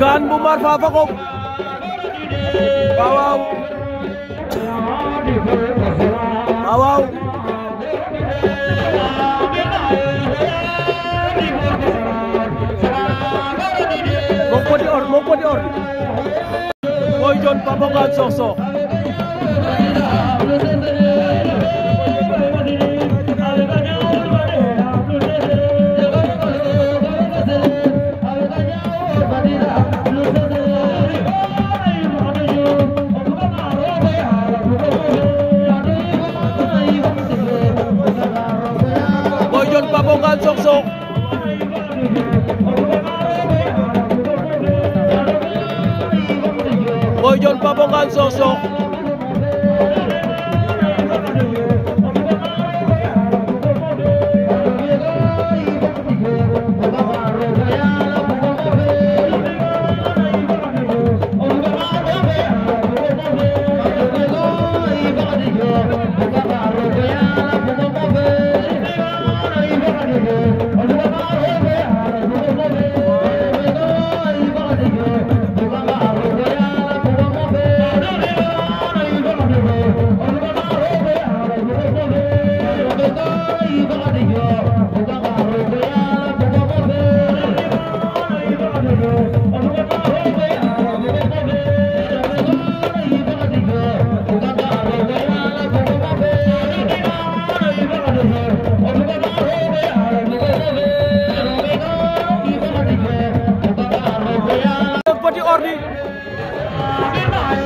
gaan bu maar faa fakook waaw waaw mokk ko di or mokk ko di or mooy joon papa gaan sox sox Papa Ngane Sokh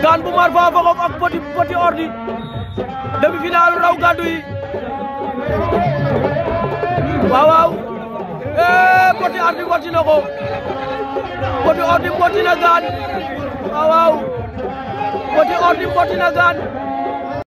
daan bu mar fa faxof ak poti poti ordi demi final raw gàddu yi waaw waaw ee poti ordi wati na ko poti ordi poti na gaan na gaan